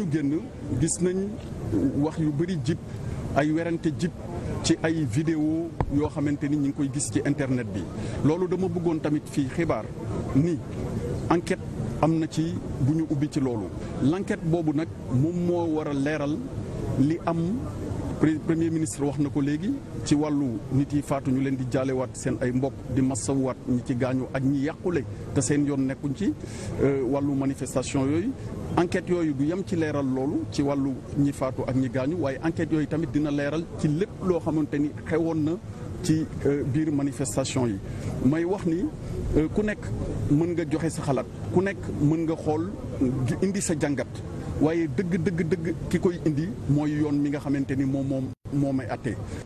ñu génn gis nañ wax yu bëri jib ay werante jib ci ay vidéo yoo xamante ni ñu ngi koy gis ci internet bi loolu dama bëggoon tamit fii xibaar ni enquête am na ci bu ñu ubbi ci loolu l'enquête boobu nag moom moo war a leeral li am premier ministre wax na ko léegi ci wàllu nit yi faatu ñu leen di jaalewaat seen ay mbokk di massawwaat ñi ci gaañu ak ñi yàqule te seen yoon nekkuñ ci euh, wàllu manifestation yooyu enquête yooyu du yem ci leeral loolu ci wàllu ñi faatu ak ñi gaañu waaye enquête yooyu tamit dina leeral ci lépp loo xamante ni xewoon na ci euh, biir manifestation yi may wax ni euh, ku nekk mën nga joxe sa xalaat ku nekk mën nga xool indi sa jàngat waaye dëgg dëgg dëgg ki koy indi mooy yoon mi nga xamante ni moom moom moo may àtte